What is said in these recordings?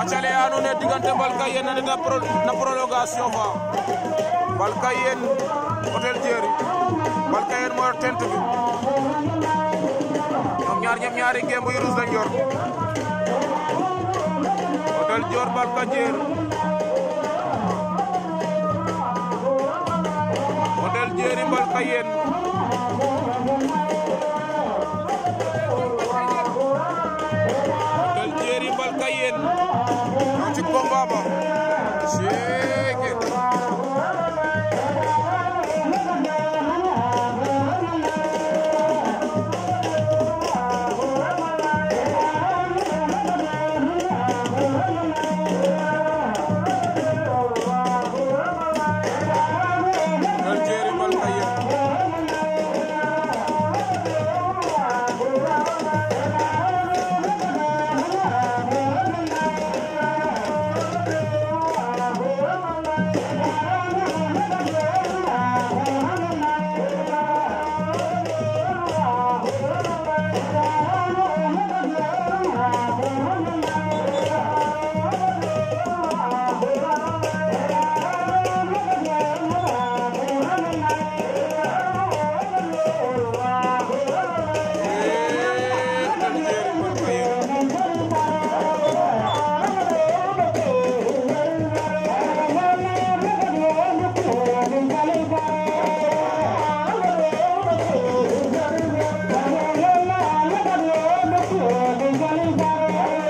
acale ya andona ye diggante Balkayen a ndeta na prolongation fa Balkayen Hôtel Dieury Balkayen mooy tent bi ñoom ñaar ñoom ñaari gemb yu rus lañ yor Hôtel Dior Balkayen Hôtel Dieury Balkayen gonna Thank you.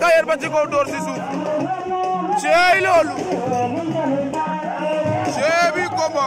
tailleur ba ci kaw door si suuf ceey loolu ceey bi combat